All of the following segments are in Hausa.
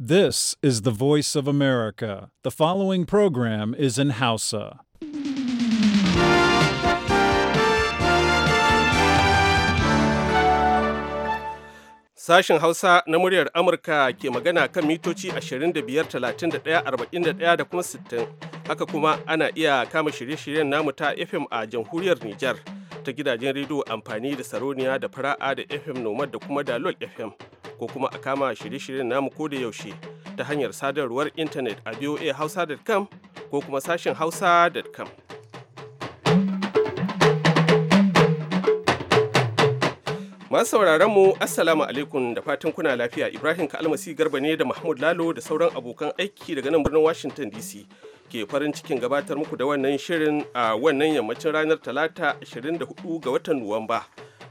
This is the voice of America. The following program is in Hausa. Sashen Hausa na muryar Amurka ke magana kan mitoci 25,31,41 da kuma 60. Haka kuma ana iya kama shirye-shiryen namu ta FM a jamhuriyar Nijar ta gidajen rediyo amfani da Saroniya da Fara'a da FM Nomad da kuma Dalol FM. ko kuma a kama shirye-shiryen namu ko da yaushe ta hanyar sadarwar intanet a voahausa.com ko kuma sashen hausa.com. Masu sauraron mu Assalamu alaikum da fatan kuna lafiya Ibrahim Kalmasi Garba ne da Mahmud Lalo da sauran abokan aiki daga nan birnin Washington DC ke farin cikin gabatar muku da wannan shirin a wannan yammacin ranar Talata 24 ga watan Nuwamba.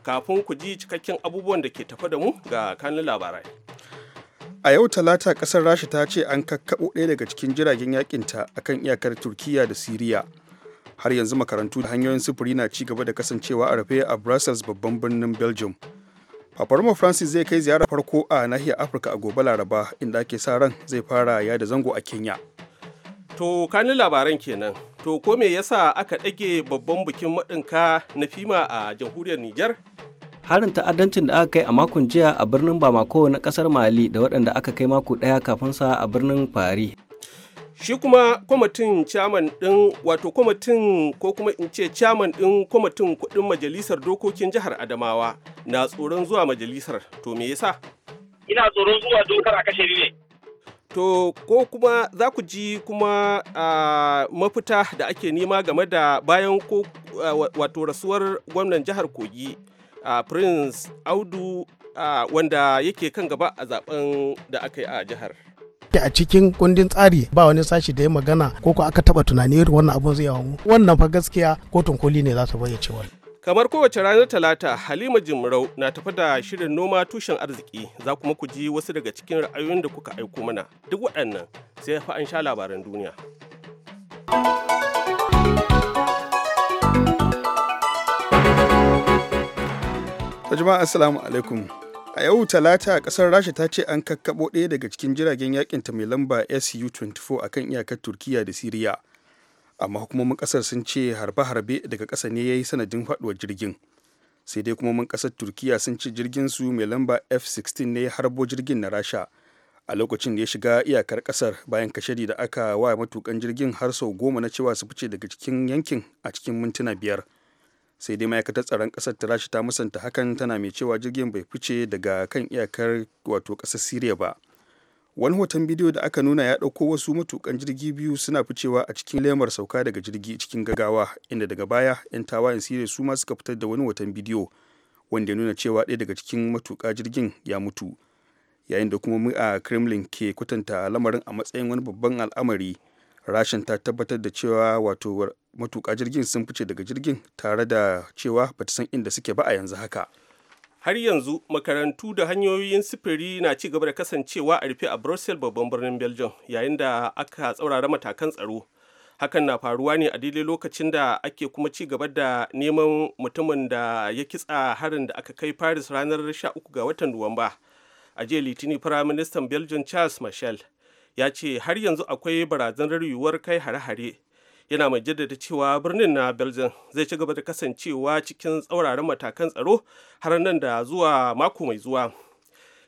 kafin ku ji cikakken abubuwan da ke tafa da mu ga kanun labarai a yau talata kasar rasha ta ce an kakkaɓo ɗaya daga cikin jiragen yakinta kan iyakar Turkiyya da siriya har yanzu makarantu da hanyoyin sufuri na ci gaba da kasancewa a rufe a brussels babban birnin belgium paparoma francis zai kai ziyara farko a nahiyar afirka a gobe laraba inda ake sa ran zai fara yada zango a kenya to kanun labaran kenan To ko me yasa aka ɗage babban bikin maɗinka na fima a jamhuriyar Nijar? Harin ta'addancin da aka kai a makon jiya a birnin Bamako na ƙasar Mali da waɗanda aka kai mako ɗaya kafin sa a birnin Paris. Shi kuma kwamitin chairman ɗin wato kwamitin ko kuma in ce chairman ɗin kwamitin kuɗin majalisar dokokin jihar Adamawa na tsoron zuwa majalisar to me yasa? Ina tsoron zuwa dokar a kashe ne. to ko kuma za ku ji kuma mafita da ake nema game da bayan ko wato rasuwar gwamnan jihar kogi a prince audu wanda yake kan gaba a zaben da aka yi a jihar a cikin kundin tsari ba wani sashi da ya magana ko ko aka taba tunani irin wannan abun zai yawo wannan fa gaskiya kotun koli ne za ta bayyace cewa Kamar kowace ranar Talata, Halima Jimrau na tafi da shirin noma tushen arziki, za kuma ku ji wasu daga cikin ra'ayoyin da kuka aiko mana. Duk waɗannan sai fa an sha labaran duniya. jama'a assalamu alaikum a yau talata kasar rasha ta ce an kakkaɓo ɗaya daga cikin jiragen yaƙinta mai lamba su-24 akan iyakar turkiya da siriya amma hukumomin kasar sun ce harbe-harbe daga ƙasa ne ya yi sanadin faɗuwar jirgin sai dai hukumomin ƙasar turkiya sun ce jirgin su mai lamba f-16 ne ya harbo jirgin na rasha a lokacin da ya shiga iyakar kasar bayan kashari da aka wa matukan jirgin har sau goma na cewa su fice daga cikin yankin a cikin mintuna biyar sai dai ma'aikatar tsaron ƙasar ta rasha ta musanta hakan tana mai cewa jirgin bai fice daga kan iyakar wato ƙasar siriya ba wani hoton bidiyo da aka nuna ya ɗauko wasu matukan jirgi biyu suna ficewa a cikin lemar sauka daga jirgi cikin gaggawa inda daga baya 'yan tawayen sire su ma suka fitar da wani hoton bidiyo wanda ya nuna cewa ɗaya daga cikin matuka jirgin ya mutu yayin da kuma mu a kremlin ke kwatanta lamarin a matsayin wani babban al'amari rashin ta tabbatar da cewa wato matuka jirgin sun fice daga jirgin tare da cewa bata san inda suke ba a yanzu haka har yanzu makarantu da hanyoyin sufuri na ci gaba da kasancewa a rufe a brussels babban birnin belgium yayin da aka tsaurara matakan tsaro hakan na faruwa ne a daidai lokacin da ake kuma ci gaba da neman mutumin da ya kitsa harin da aka kai paris ranar 13 ga watan nuwamba a jiya litini firaministan belgium charles michel ya ce har yanzu akwai barazanar yiwuwar kai hare-hare yana mai jaddada cewa birnin na belgium zai ci gaba da kasancewa cikin tsauraran matakan tsaro har nan da zuwa mako mai zuwa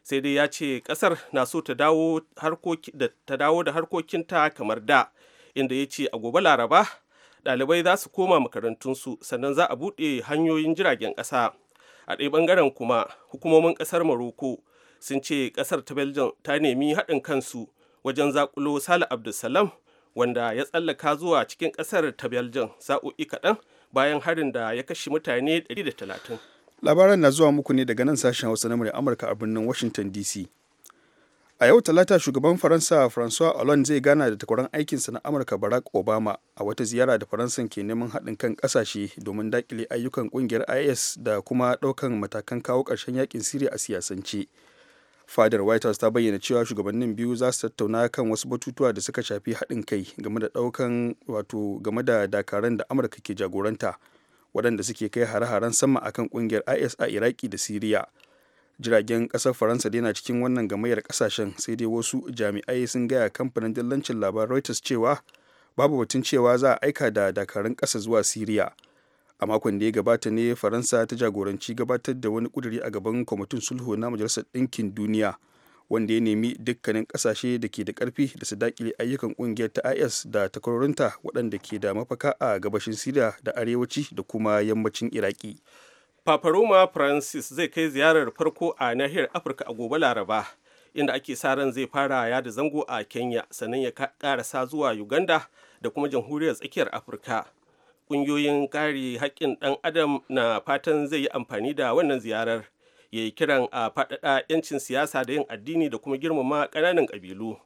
sai dai ya ce kasar na so ta dawo da harkokinta kamar da inda ya ce a gobe laraba ɗalibai za su koma makarantunsu sannan za a buɗe hanyoyin jiragen ƙasa a ɗaya ɓangaren kuma hukumomin ƙasar maroko sun ce ƙasar ta belgium ta nemi haɗin kansu wajen zakulo sale abdulsalam wanda ya tsallaka zuwa cikin ƙasar ta belgium sa'o'i kaɗan bayan harin da ya kashe mutane 130 labaran na zuwa muku ne daga nan sashen hausa na murya amurka a birnin washington dc a yau talata shugaban faransa françois hollande zai gana da takwaran aikinsa na amurka barack obama a wata ziyara da faransan ke neman haɗin kan ƙasashe domin daƙile ayyukan ƙungiyar is da kuma ɗaukan matakan kawo ƙarshen yakin siriya a siyasance fadar white house ta bayyana cewa shugabannin biyu za su tattauna kan wasu batutuwa da suka shafi haɗin kai game da ɗaukan wato game da dakaran da amurka ke jagoranta waɗanda suke kai hare-haren sama akan ƙungiyar is a iraki da siriya jiragen ƙasar faransa dai na cikin wannan gamayyar ƙasashen sai dai wasu jami'ai sun gaya kamfanin dillancin labarin reuters cewa babu batun cewa za a aika da dakarun ƙasa zuwa siriya a makon da ya gabata ne faransa ta jagoranci gabatar da wani kuduri a gaban kwamitin sulhu na majalisar ɗinkin duniya wanda ya nemi dukkanin kasashe da ke da karfi da su daƙile ayyukan ƙungiyar ta is da takwarorinta waɗanda ke da mafaka a gabashin siriya da arewaci da kuma yammacin iraki paparoma francis zai kai ziyarar farko a nahiyar afirka a gobe laraba inda ake sa ran zai fara yada zango a kenya sannan ya karasa zuwa uganda da kuma jamhuriyar tsakiyar afirka kungiyoyin kare haƙƙin ɗan adam na fatan zai yi amfani da wannan ziyarar ya yi kiran a faɗaɗa 'yancin siyasa da yin addini da kuma girmama ƙananan ƙabilu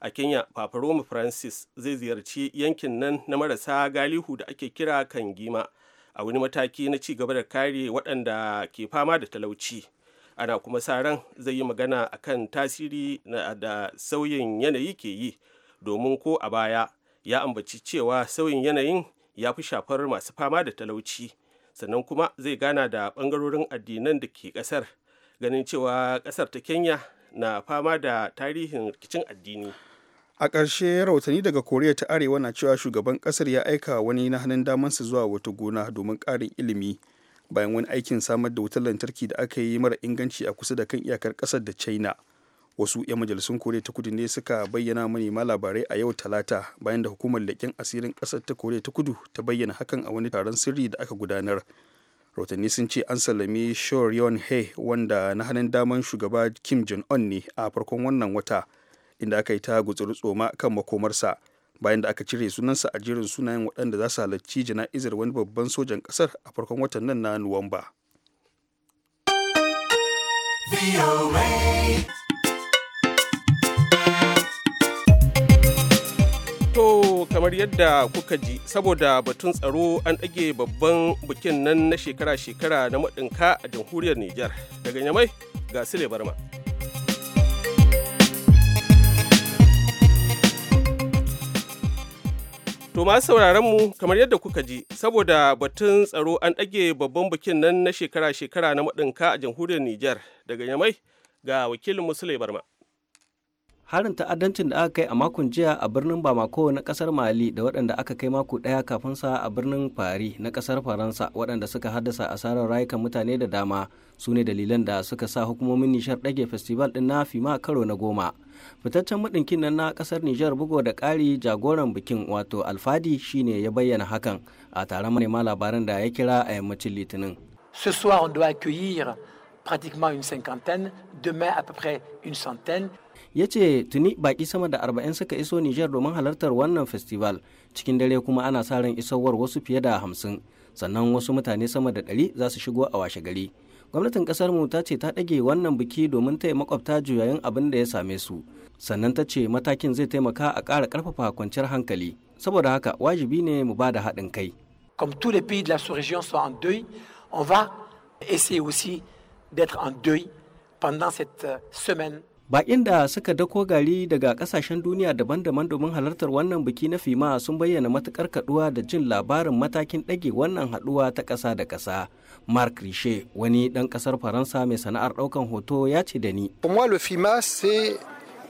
a kenya paparoma francis zai ziyarci yankin nan na marasa galihu da ake kira kan gima. a wani mataki na ci gaba da kare waɗanda ke fama da talauci ana kuma sa ran zai yi magana akan tasiri da sauyin yanayi ke yi domin ko a baya ya ambaci cewa sauyin yanayin ya fi shafar masu fama da talauci sannan kuma zai gana da ɓangarorin addinan da ke ƙasar ganin cewa ƙasar ta kenya na fama da tarihin rikicin addini a ƙarshe rahotanni daga koriya ta arewa na cewa shugaban ƙasar ya aika wani na hannun damansa zuwa wata gona domin ƙarin ilimi bayan wani aikin samar da wutar lantarki da aka yi mara inganci a kusa da kan iyakar ƙasar da china wasu 'yan majalisun koriya ta kudu ne suka bayyana manema labarai a yau talata bayan da hukumar leƙen asirin ƙasar ta koriya ta kudu ta bayyana hakan a wani taron sirri da aka gudanar rahotanni sun ce an sallami shoryon he wanda na hannun daman shugaba kim jong un ne a farkon wannan wata inda aka yi ta gutsuri tsoma kan makomarsa bayan da aka cire sunansa a jerin sunayen waɗanda za su halarci jana'izar wani babban sojan ƙasar a farkon watan nan na nuwamba. To kamar yadda kuka ji saboda batun tsaro an ɗage babban bikin nan na shekara-shekara na maɗinka a jamhuriyar Nijar daga Nyamai ga Sule Barma. To masu sauraron mu kamar yadda kuka ji saboda batun tsaro an ɗage babban bikin nan na shekara-shekara na maɗinka a jamhuriyar Nijar daga Yamai ga wakilin Musulai Barma. harin ta'addancin da aka kai a makon jiya a birnin bamako na kasar mali da waɗanda aka kai mako ɗaya kafin sa a birnin fari na kasar faransa waɗanda suka haddasa asarar rayukan mutane da dama su ne dalilan da suka sa hukumomin nishar ɗage festival din na fima karo na goma fitaccen maɗinkin nan na kasar nijar bugo da ƙari jagoran bikin wato alfadi shine ya bayyana hakan a taron manema labaran da ya kira a yammacin litinin ce soir on doit accueillir pratiquement une cinquantaine demain à peu près une centaine ya ce tuni baki sama da arba'in suka iso Nijar domin halartar wannan festival cikin dare kuma ana sa ran isowar wasu fiye da hamsin sannan wasu mutane sama da 100 za su shigo a washe gari. Gwamnatin kasar mu ta ce ta ɗage wannan biki domin taya makwabta juyayin abin da ya same su sannan ta ce matakin zai taimaka a ƙara ƙarfafa kwanciyar hankali saboda haka wajibi ne mu ba da haɗin kai. Comme tous les pays de la sous-région sont en deuil, on va essayer aussi d'être en deuil pendant cette euh, semaine Bakin da suka dako gari daga kasashen duniya daban-daban domin halartar wannan biki na fima sun bayyana matukar kaduwa da jin labarin matakin ɗage wannan haduwa ta ƙasa da ƙasa. mark Riche, wani ɗan ƙasar Faransa mai sana'ar ɗaukan hoto ya ce da ni.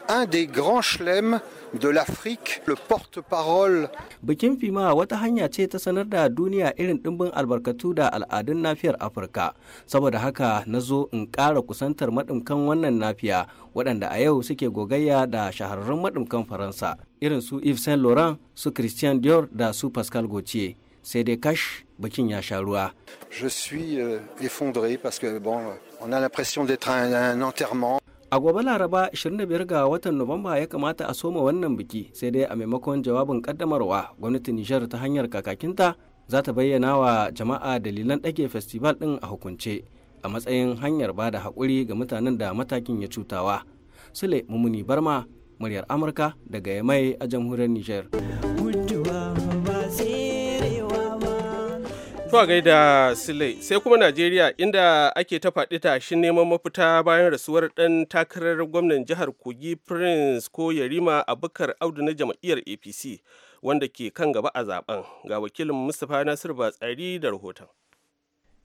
un des grands chelems de l'Afrique, le porte-parole. Bikin Fima wata hanya ce ta sanar da duniya irin dimbin albarkatu da al'adun nafiyar Afirka. Saboda haka na zo in ƙara kusantar maɗimkan wannan nafiya waɗanda a yau suke gogayya da shahararrun maɗimkan Faransa irin su Yves Saint Laurent, su Christian Dior da su Pascal Gauthier. C'est des cash bikin ya sha ruwa. Je suis euh, effondré parce que bon, on a l'impression d'être un, un enterrement. a gobe laraba 25 ga watan nuwamba ya kamata a soma wannan biki sai dai a maimakon jawabin kaddamarwa gwamnatin nijar ta hanyar kakakinta za ta bayyana wa jama'a dalilan ɗage festival ɗin a hukunce a matsayin hanyar bada da haƙuri ga mutanen da matakin ya cutawa sule mumuni barma muryar amurka daga yamai a jamhuriyar nijar Tuwa gaida Sile, sai kuma Najeriya inda ake ta faɗi tashin neman mafita bayan rasuwar ɗan takarar gwamnan jihar Kogi Prince ko Yarima a bukar Audu na jam'iyyar APC wanda ke kan gaba a zaben. Ga wakilin Mustapha Nasiru Batsari da rahoton.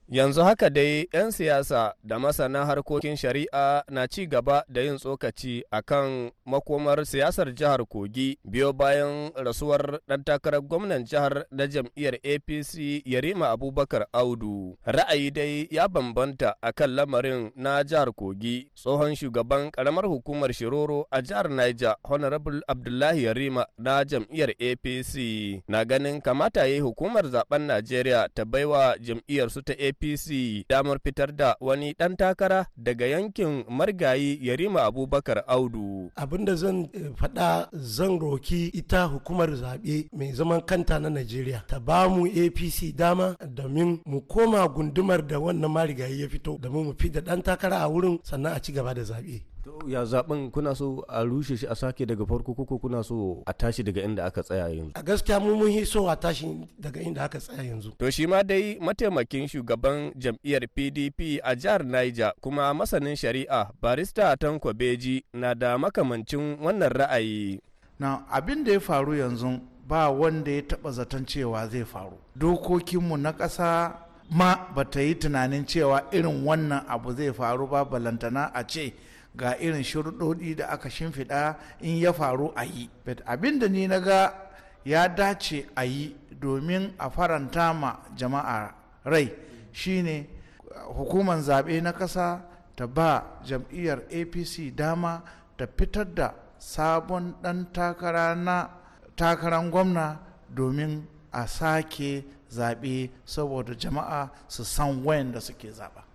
Yanzu haka dai 'yan siyasa da masana harkokin shari'a na ci gaba da yin tsokaci a kan makomar siyasar jihar Kogi biyo bayan rasuwar ɗan takarar gwamnan jihar na jam'iyyar APC Yarima Abubakar Audu. Ra'ayi dai ya bambanta a kan lamarin na jihar Kogi. Tsohon shugaban ƙaramar hukumar Shiroro a jihar Niger Honorable Abdullahi Yarima na jam'iyyar APC na ganin kamata ya yi hukumar zaben Najeriya ta baiwa jam'iyyar su ta APC apc damar fitar da wani dan takara daga yankin margayi yarima abubakar audu abinda zan eh, faɗa zan roki ita hukumar zaɓe mai zaman kanta na najeriya ta ba mu apc dama domin mu koma gundumar da wannan marigayi ya fito domin mu fi da dan takara a wurin sannan a ci gaba da zaɓe ya zaben kuna so a rushe shi a sake daga farko ko kuna so a tashi daga inda aka tsaya yanzu a gaskiya mu mun so a tashi daga inda aka tsaya yanzu to shi ma dai mataimakin shugaban jam'iyyar PDP a jihar Niger kuma masanin shari'a barista Tanko Beji na da makamancin wannan ra'ayi na abin da ya faru yanzu ba wanda ya taba zaton cewa zai faru dokokinmu na ƙasa ma ba ta yi tunanin cewa irin wannan abu zai faru ba balantana a ce ga irin shirɗoɗi da aka shimfiɗa in ya faru a yi abin da ni na ga ya dace a yi domin a faranta ma jama'a rai shine hukumar zaɓe na ƙasa ta ba jam'iyyar apc dama ta fitar da sabon ɗan takara na takarar gwamna domin a sake zaɓe saboda jama'a su san wayan da suke zaɓa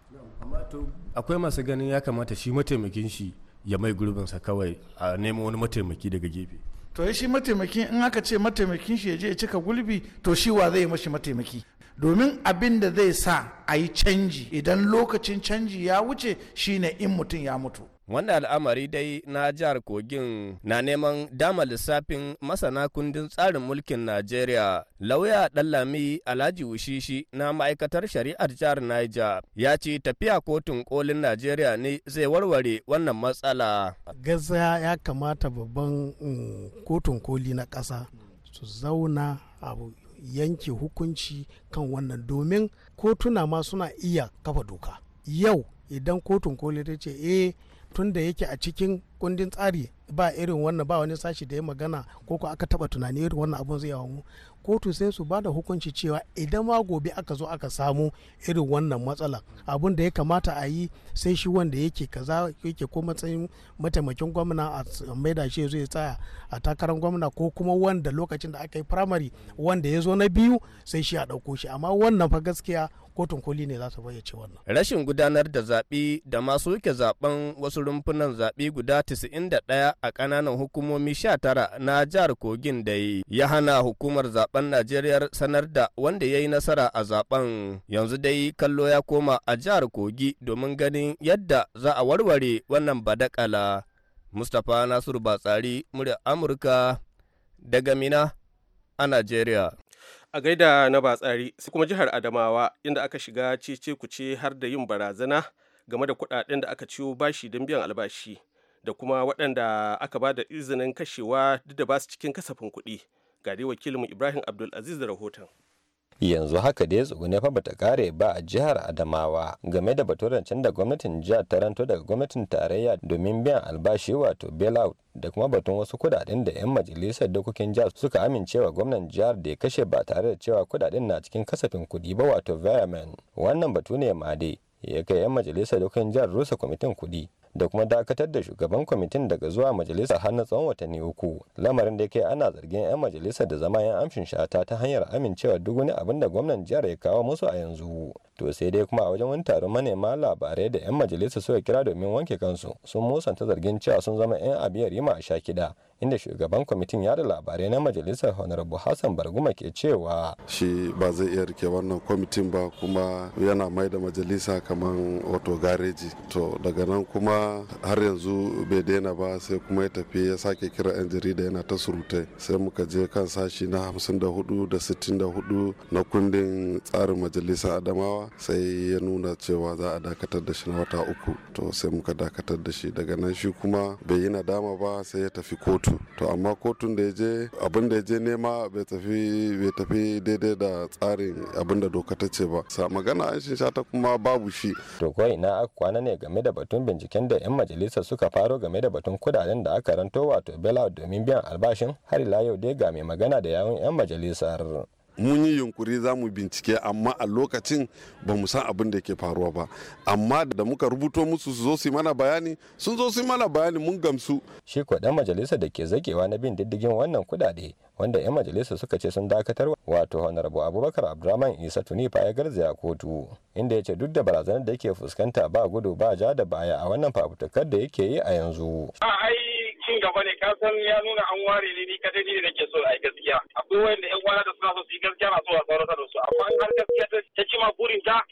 akwai masu ganin ya kamata shi mataimakin shi ya mai gurbinsa kawai a nemo wani mataimaki daga gefe to shi mataimakin in aka ce mataimakin shi ya je ya cika gulbi to shi wa zai mashi mataimaki domin abin da zai sa a yi canji idan lokacin canji ya wuce shine in mutum ya mutu wannan al'amari dai na jihar kogin na neman dama lissafin masana kundin tsarin mulkin najeriya lauya Lami alhaji wushishi na ma'aikatar shari'ar jihar niger ya ce tafiya kotun kolin najeriya ne zai warware wannan matsala gaza ya kamata babban mm, kotun koli na ƙasa su zauna abu yanke hukunci kan wannan domin kotuna ma suna iya kafa doka yau idan kotun koli ta ce eh tun da yake a cikin kundin tsari ba irin wannan ba wani sashi da ya magana ko ko aka taba tunani irin wannan abun zai yawo kotu sai su ba da hukunci cewa idan ma gobe aka zo aka samu irin wannan matsala abun da ya kamata a yi sai shi wanda yake kaza yake ko matsayin mataimakin gwamna a maida shi zai tsaya a takarar gwamna ko kuma wanda lokacin da aka yi firamare wanda ya zo na biyu sai shi a ɗauko shi amma wannan fa gaskiya kotun koli ne za su bayyace wannan rashin gudanar da zaɓe da masu zaɓen zaɓen wasu rumfunan zaɓe guda 91 a ƙananan hukumomi 19 na jihar kogin da ya hana hukumar zaɓen najeriya sanar da wanda ya yi nasara a zaɓen yanzu dai kallo ya koma a jihar kogi domin ganin yadda za a warware wannan badakala mustapha nasiru batsari murya amurka daga mina a najeriya a gaida na batsari sai kuma jihar adamawa inda aka shiga cece kuce har da yin barazana game da kudaden da aka ciwo bashi don biyan albashi da kuma waɗanda aka ba da izinin kashewa duk da ba su cikin kasafin kuɗi ga dai wakilinmu ibrahim abdulaziz da rahoton yanzu haka dai tsugune fa bata kare ba a jihar adamawa game da can da gwamnatin jihar taranto daga gwamnatin tarayya domin biyan albashi wato bailout da kuma batun wasu kudaden da 'yan majalisar dokokin jihar suka amincewa gwamnan jihar da ya kashe ba tare da cewa kudaden na cikin kasafin kudi ba wato vermin wannan batu ne made ya kai 'yan majalisar dokokin jihar rusa kwamitin kudi da kuma dakatar da shugaban kwamitin daga zuwa majalisa har na tsawon watanni uku lamarin da yake ana zargin 'yan majalisa da zama 'yan amshin shata ta hanyar amincewa duk wani abin da gwamnan jihar ya kawo musu a yanzu to sai dai kuma a wajen wani taron manema labarai da 'yan majalisa suka kira domin wanke kansu sun musanta zargin cewa sun zama 'yan abiyar yima a sha kiɗa inda shugaban kwamitin ya da labarai na majalisar honorable hassan barguma ke cewa shi ba zai iya rike wannan kwamitin ba kuma yana mai da majalisa kamar wato gareji to daga nan kuma har yanzu bai daina ba sai kuma ya tafi ya sake kira 'yan jarida yana ta surutai sai muka je kan sashi na 54 da 64 na kundin tsarin majalisa adamawa sai ya nuna cewa za a dakatar da shi na wata uku to sai muka dakatar da shi daga nan shi kuma bai yi nadama ba sai ya tafi kotu to amma kotun da ya je abin da ya je nema bai tafi bai tafi daidai da tsarin abin da doka ta ce ba sa magana an shi shata kuma babu shi to ko ina kwana ne game da batun binciken da 'yan majalisar suka faro game da batun kudaden da aka ranto wato bailout domin biyan albashin har ila yau dai ga mai magana da yawun 'yan majalisar mun yi yunkuri za mu bincike amma a lokacin ba mu san abin da ke faruwa ba amma da muka rubuto musu su zo su mana bayani sun zo su mana bayani mun gamsu shi ko dan majalisar da ke zakewa na bin diddigin wannan kudade wanda 'yan majalisar suka ce sun dakatar wato honorable abubakar abdurrahman isa tuni ya garzaya kotu inda ya ce duk da barazanar da yake fuskanta ba gudu ba ja da baya a wannan fafutukar da yake yi a yanzu ai Shin gaba ne ka san ya nuna an ware ne ni kadai ne nake so a gaskiya akwai wanda yan uwana da suna so su yi gaskiya na so a saurata da su amma har gaskiya ta ci ma burin ta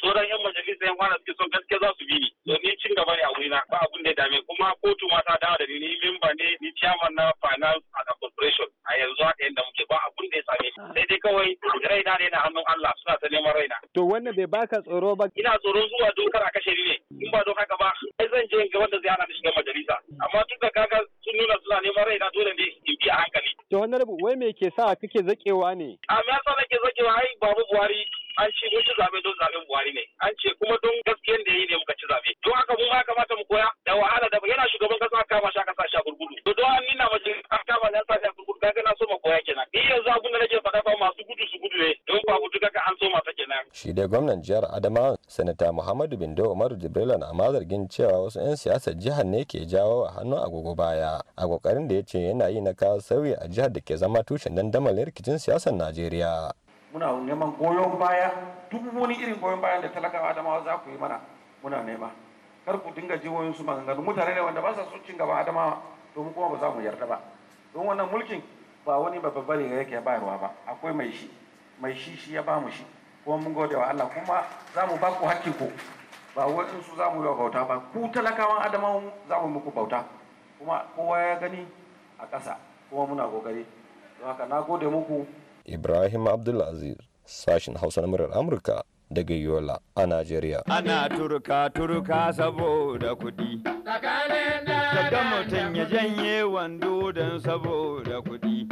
sauran yan majalisa yan kwana suke son gaskiya za su bi ni domin cin gaba ne a wurina ba abun da ya dame kuma kotu ma ta dawo da ni ni memba ne ni chairman na finance and corporation a yanzu haka yadda muke ba abun da ya same sai dai kawai raina ne na hannun Allah suna ta neman raina. To wannan bai baka tsoro ba? Ina tsoro zuwa dokar a kashe ni ne in ba dokar ka ba sai zan je ga wanda zai hana ni shiga majalisa amma tun da kaga sun nuna suna neman raina dole ne in bi a hankali. To honorable wai me ke sa kake zakewa ne? A me yasa nake zakewa ai babu Buhari an ce mun ci zabe don zaben Buhari ne. An ce kuma don gaskiyan da yi ne muka ci zabe. Don haka mun ma kamata mu koya da wahala da yana shugaban kasa kama shi kasa shi gurgudu. To don an nina mace aka kama ne kasa shi gurgudu kaga na so mu koya kenan. Ni yanzu na da nake faɗa fa masu gudu su gudu ne. Eh. Don ba gudu kaga an so mata kenan. Shi dai gwamnan jihar Adama, Sanata Muhammadu Bindo Umaru Jibrila na ma zargin cewa wasu 'yan siyasar jihar ne ke jawo a agogo baya a kokarin da ya ce yana yi na kawo sauyi a jihar da ke zama tushen dandamalin rikicin siyasar najeriya muna neman goyon baya duk wani irin goyon bayan da talakawa adamawa za ku yi mana muna nema kar ku dinga ji wayan su maganganu mutane ne wanda ba sa son cin gaba adamawa domin kuma ba za mu yarda ba don wannan mulkin ba wani babba bane yake bayarwa ba akwai mai shi mai shi shi ya bamu shi kuma mun gode wa Allah kuma za mu ba ku hakkin ku ba su za mu yi wa bauta ba ku talakawan adamawa za mu muku bauta kuma kowa ya gani a ƙasa kuma muna kokari haka na gode muku ibrahim abdulaziz sashin hausa na murar amurka daga yola a najeriya ana turka turka saboda kuɗi daga mutum ya janye wando don saboda kuɗi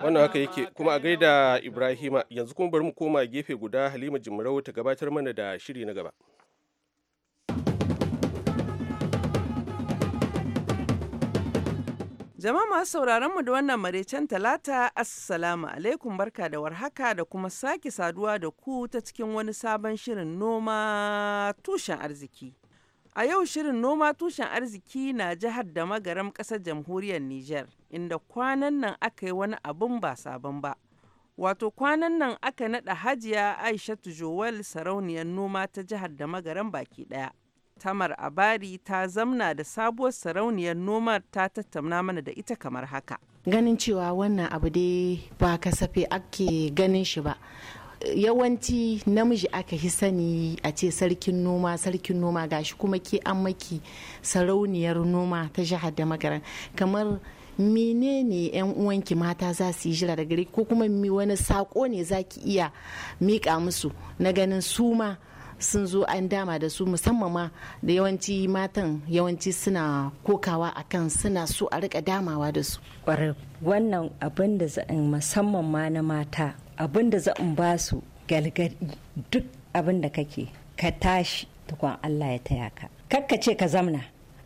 wannan haka yake kuma a gaida ibrahima yanzu kuma bari mu koma gefe guda halima jimarau ta gabatar mana da shiri na gaba Jama'a masu sauraron mu da wannan maraicen talata assalamu alaikum barka da warhaka da kuma sake saduwa da ku ta cikin wani sabon shirin noma tushen arziki. A yau shirin noma tushen arziki na jihar da magaram ƙasar jamhuriyar Nijar inda kwanan nan aka yi wani abun ba sabon ba. Wato kwanan nan aka naɗa hajiya aisha jowal sarauniyar noma ta jihar da magaram baki ɗaya. Tamar Abari ta zamna da sabuwar sarauniyar nomar ta tattauna mana da ita kamar haka. Ganin cewa wannan abu dai ba kasafe ake ganin shi ba. Yawanci namiji aka yi sani a ce sarkin noma sarkin noma gashi kuma ke an maki sarauniyar noma ta jihar da magaran kamar menene yan uwanki mata za su yi jira da gari ko kuma wani sako ne za ki iya miƙa musu na ganin suma. sun zo an dama da su musamman ma da yawanci matan yawanci suna kokawa akan suna so a rika damawa da su wannan abin da musamman ma na mata abin da za ba su galgadi duk abin da kake ka tashi tukun Allah ya taya ka kakka ce ka zamna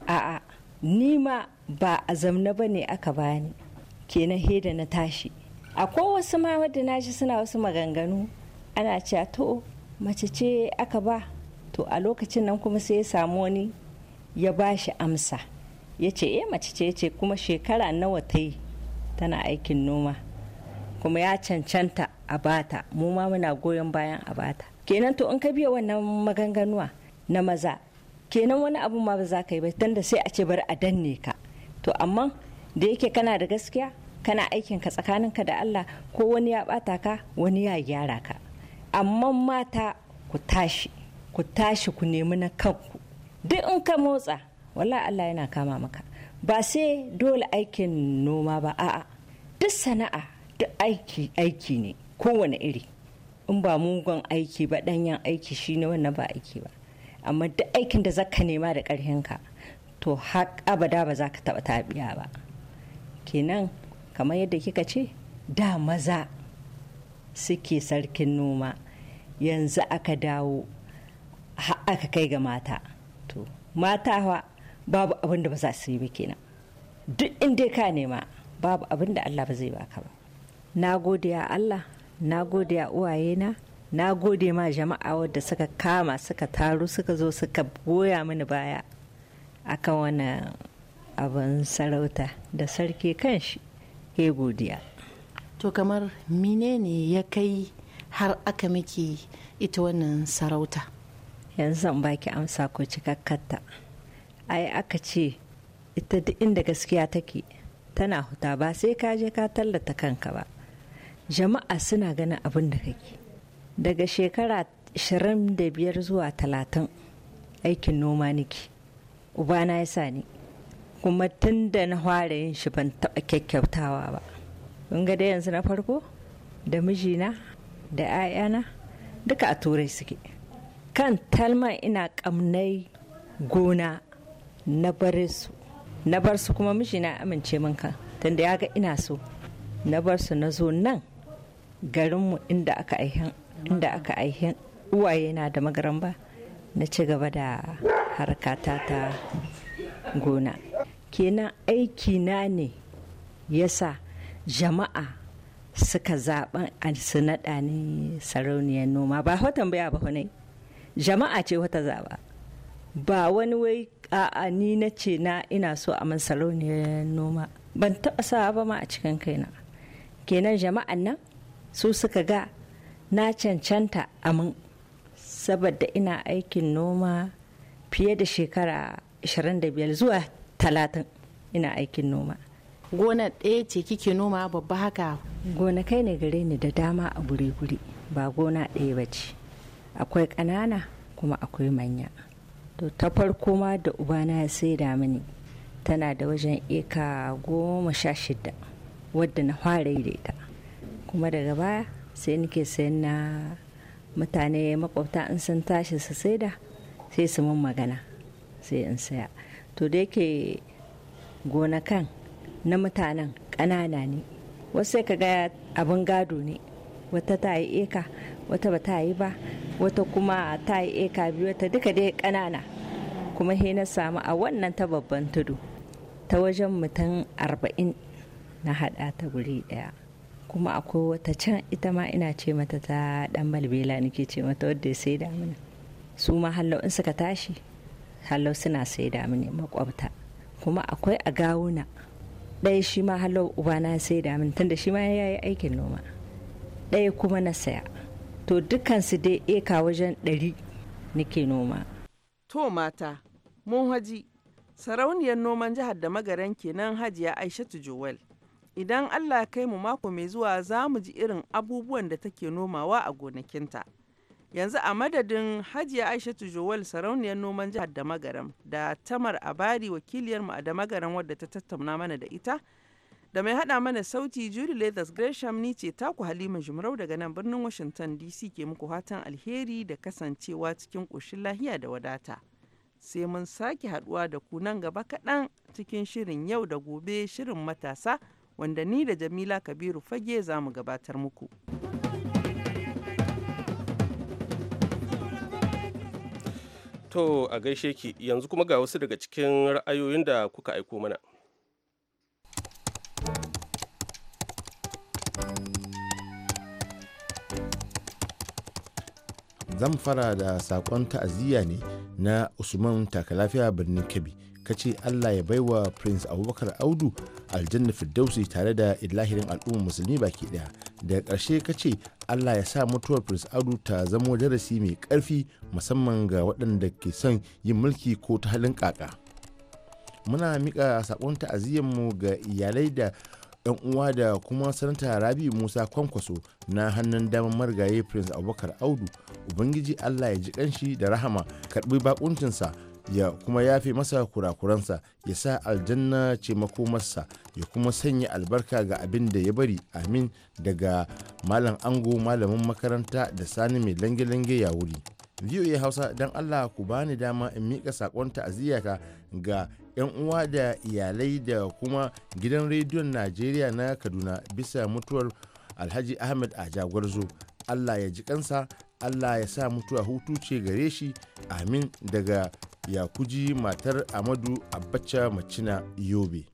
a'a ni ma ba a zamna ba ne aka bani ke na heda na tashi akwai wasu ma wadda na ji suna wasu maganganu ana cewa to mace ce aka ba to a lokacin nan kuma sai ya samu wani ya ba shi amsa ya ce eh mace ce ce kuma shekara nawa ta yi tana aikin noma kuma ya cancanta a bata mu ma muna goyon bayan a bata kenan to in ka biya wannan maganganuwa na maza kenan wani abu ma ba za ka yi ba tunda sai a ce bar a danne ka to amma da yake kana da gaskiya kana aikin aikinka ka da Allah ko wani ya bata ka wani ya gyara ka amma mata ku tashi ku tashi ku nemi na kanku duk in ka motsa wala Allah yana kama maka ba sai dole aikin noma ba a'a duk sana'a duk aiki aiki ne kowane iri in ba mugun aiki ba danyen aiki shine wannan ba aiki ba amma duk aikin da zaka nema da ka to har abada ba za ka taɓa taɓiya ba kenan kamar yadda kika ce da maza suke sarkin noma yanzu aka dawo aka kai ga mata to mata babu abin da ba za su yi ba kenan duk inda ka nema babu abin da Allah ba zai baka ba na gode ya Allah na gode ya uwayena na gode ma jama'a wadda suka kama suka taru suka zo suka goya mini baya aka wani abin sarauta da sarki kanshi ke godiya to kamar menene ya kai har aka miki ita wannan sarauta yanzu zan baki amsa ko cikakkarta ai aka ce ita duk inda gaskiya take tana huta ba sai ka je ka tallata kanka ba jama'a suna ganin abin da kake daga shekara 25 zuwa talatin, aikin noma niki. ubana ya sani ni kuma tun da na fara yin shi ban taɓa kyakkyautawa ba ga da yanzu na farko da mijina da 'ya'yana duka a turai suke kan talma ina kamnai gona na bare su na bar su kuma mishi na amince min kan tunda ya ga ina so na bar su na zo nan garinmu inda aka aihin inda aka uwaye na da magaramba na ci gaba da harkata ta gona kenan aiki na ne sa jama'a suka zaɓa su naɗa ni sarauniyar noma ba hoton tambaya ba ne jama'a ce wata zaɓa ba wani wai a'a ni na ce na ina so a man sarauniyar noma ban taɓa sa ba ma a cikin kaina kenan jama'an nan su suka ga na cancanta a mun saboda ina aikin noma fiye da shekara 25 zuwa 30 ina aikin noma gona ɗaya ce kike noma babba haka gonakai ne gare ni da dama a guri-guri ba gona ɗaya ba ce akwai ƙanana kuma akwai manya to ta farko ma da ubana ya sai saida mini tana da wajen eka goma sha shida wadda na fara yi ita kuma daga baya sai nake sayan na mutane makwabta in sun tashi su saida sai su mun magana sai in saya to da yake gonakan na mutanen ƙanana ne wasu ka ga abin gado ne wata ta yi eka wata ba ta yi ba wata kuma ta yi eka biyu wata duka dai kanana kuma he na samu a wannan ta babban tudu ta wajen mutum arba'in na hada ta guri daya kuma akwai wata can ita ma ina ce mata ta dan malbela nake ce mata wadda ya sai damina su ma hallau in suka tashi hallau suna sai mini makwabta kuma akwai a gawuna ɗaya shi ma halau ubana sai da min tunda shi ma ya yi aikin noma ɗaya kuma na saya to dukkan su dai eka wajen ɗari nake noma to mata mun haji sarauniyar noman jihar da magaran kenan hajiya aishatu jowel idan allah kai mu mako mai zuwa za mu ji irin abubuwan da take nomawa a gonakinta yanzu a madadin hajiya aishatu joel sarauniyar noman jihar da magaram da tamar abari wakiliyarmu a da magaram wadda ta tattauna mana da ita da mai hada mana sauti julie leathers gresham ni ce taku halima jimarau daga nan birnin washington dc ke muku fatan alheri da kasancewa cikin koshin lahiya da wadata sai mun sake haduwa da ku nan gaba kaɗan cikin shirin yau da gobe shirin matasa wanda ni da jamila kabiru fage za mu gabatar muku. To a gaishe ki yanzu kuma ga wasu daga cikin ra'ayoyin da kuka aiko mana. Zan fara da saƙon ta'aziyya ne na Usman Takalafiya birnin Kebbi. ka ce allah ya bai wa prince abubakar audu aljanna firdausi tare da ilahirin al'umma musulmi baki daya daga karshe ka ce allah ya sa mutuwar prince audu ta zamo darasi mai ƙarfi musamman ga waɗanda ke son yin mulki ko ta halin kaka muna miƙa saƙon ta'aziyyarmu ga iyalai da 'yan uwa da kuma sanata rabi musa kwankwaso na hannun damar marigaye prince abubakar audu ubangiji allah ya ji ƙanshi da rahama karbi bakuncinsa ya kuma yafe masa kurakuransa ya sa aljanna ce makomarsa ya kuma sanya albarka ga abin da ya bari amin daga malam ango malamin makaranta da sani mai lange-lange ya wuri ya hausa don allah ku bani dama in miƙa saƙon ta'aziyyata ga 'yan uwa da iyalai da kuma gidan rediyon najeriya na kaduna bisa mutuwar alhaji ahmed a jagwarzo allah ya ji kansa allah ya sa mutuwa hutu ce gare shi amin daga ya yakuji matar amadu abacha macina yobe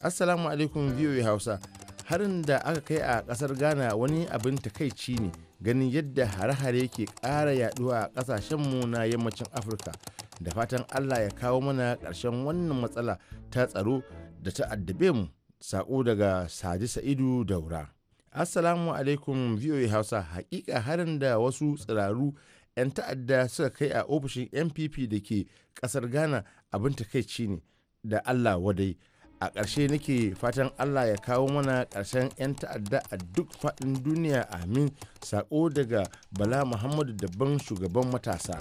assalamu alaikum voa hausa harin da aka kai a kasar ghana wani abin takaici ne ganin yadda hare-hare ke ƙara yaduwa a ƙasashenmu na yammacin afirka da fatan allah ya kawo mana ƙarshen wannan matsala ta tsaro da ta addabe mu sako daga sadi sa'idu daura assalamu alaikum voa hausa hakika harin da wasu tsiraru 'yan ta'adda suka kai a ofishin npp da ke kasar ghana abin takaici ne da allah wadai a ƙarshe nake fatan allah ya kawo mana ƙarshen 'yan ta'adda a duk faɗin duniya amin sako daga bala muhammadu dabban shugaban matasa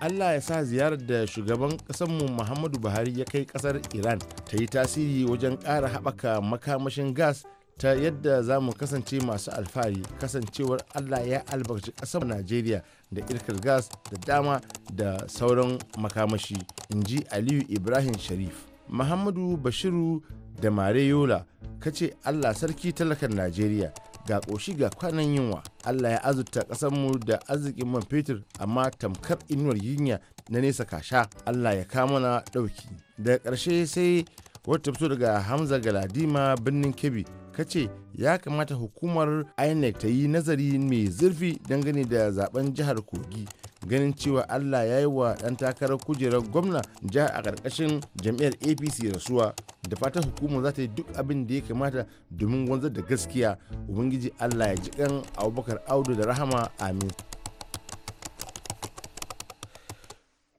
allah ya sa ziyarar da shugaban ƙasarmu muhammadu buhari ya kai ƙasar iran ta yi tasiri wajen ƙara haɓaka makamashin gas ta yadda za mu kasance masu alfahari kasancewar allah ya albarkaci ƙasar najeriya da irkar gas da dama da sauran makamashi in ji aliyu ibrahim sharif muhammadu bashiru da mare yola kace allah sarki talakan najeriya ga ƙoshi ga kwanan yunwa allah ya azurta ƙasarmu da arzikin man fetur amma tamkar inuwar yinya na nesa kasha allah ya kama na ɗauki daga ƙarshe sai wata fito daga hamza galadima birnin kebbi ka ce ya kamata hukumar inec ta yi nazari mai zurfi dangane da zaben jihar kogi ganin cewa allah ya yi wa ɗan takarar kujerar gwamna jihar a karkashin jam'iyyar apc rasuwa da fatan hukumar za ta yi duk abin da ya kamata domin wanzar da gaskiya ubangiji allah ya ji kan abubakar audu da rahama amin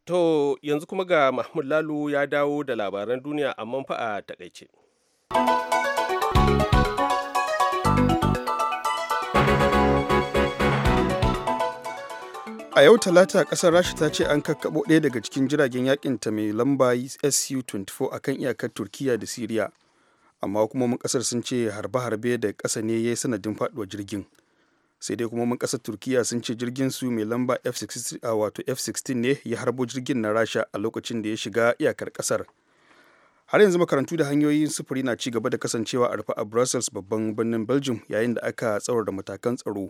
To yanzu kuma ga Mahmud Lalu ya dawo da labaran duniya a fa a takaice. a yau talata kasar rasha ta ce an kakkaɓo ɗaya daga cikin jiragen ta mai lamba su-24 a kan iyakar turkiya da siriya amma hukumomin kasar sun ce harbe-harbe da ƙasa ne ya yi sanadin faɗuwa jirgin sai dai kuma mun kasa turkiya sun ce jirgin su mai lamba f-16 a wato f-16 ne ya harbo jirgin na rasha a lokacin da ya shiga iyakar kasar har yanzu makarantu da hanyoyin sufuri na ci gaba da kasancewa a rufe a brussels babban birnin belgium yayin da aka tsaurara matakan tsaro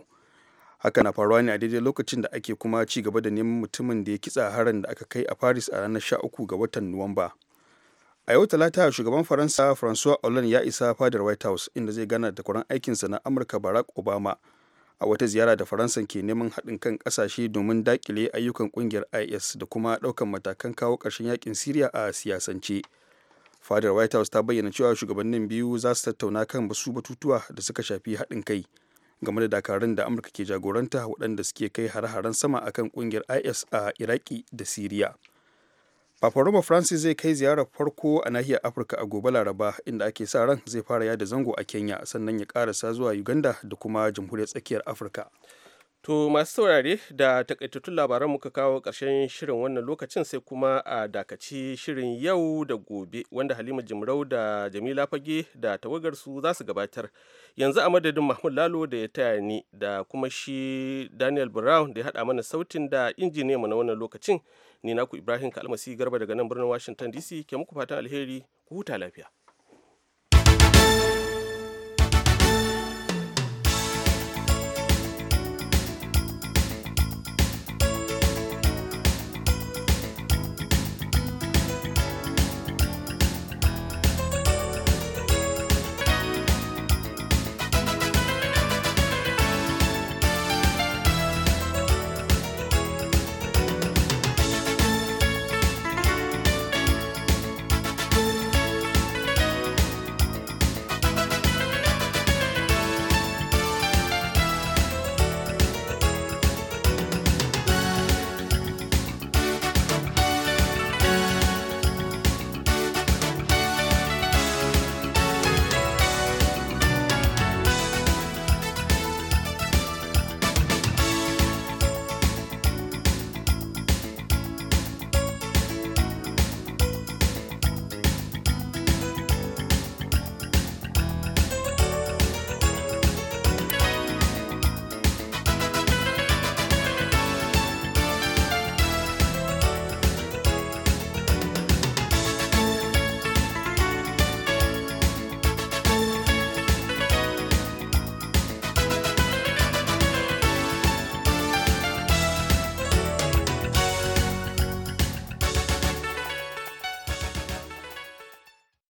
haka na faruwa ne a daidai lokacin da ake kuma ci gaba da neman mutumin da ya kitsa harin da aka kai a paris a ranar 13 ga watan nuwamba a yau talata shugaban faransa francois hollande ya isa fadar white house inda zai gana da kwaran aikinsa na amurka barack obama a wata ziyara da faransa ke neman haɗin kan ƙasashe domin daƙile ayyukan ƙungiyar is da kuma ɗaukan matakan kawo ƙarshen yakin siriya a siyasance fadar white house ta bayyana cewa shugabannin biyu za su tattauna kan basu batutuwa da suka shafi haɗin kai game da dakarun da amurka ke jagoranta waɗanda suke kai hare-haren sama akan ƙungiyar is a iraki da siriya Paparoma Francis zai kai ziyarar farko a nahiyar Afirka a gobe Laraba inda ake sa ran zai fara yada zango a Kenya sannan ya karasa zuwa Uganda da kuma Jamhuriyar Tsakiyar Afirka. To masu saurare da takaitattun labaran muka kawo ƙarshen shirin wannan lokacin sai kuma a dakaci shirin yau da gobe wanda Halima Jimrau da Jamila Fage da tawagarsu za su gabatar. Yanzu a madadin Mahmud Lalo da ya taya ni da kuma shi Daniel Brown da ya haɗa mana sautin da injiniyanmu na wannan lokacin. Ni naku Ibrahim Kalmasi Garba daga nan birnin Washington DC ke muku fatan alheri ku huta lafiya.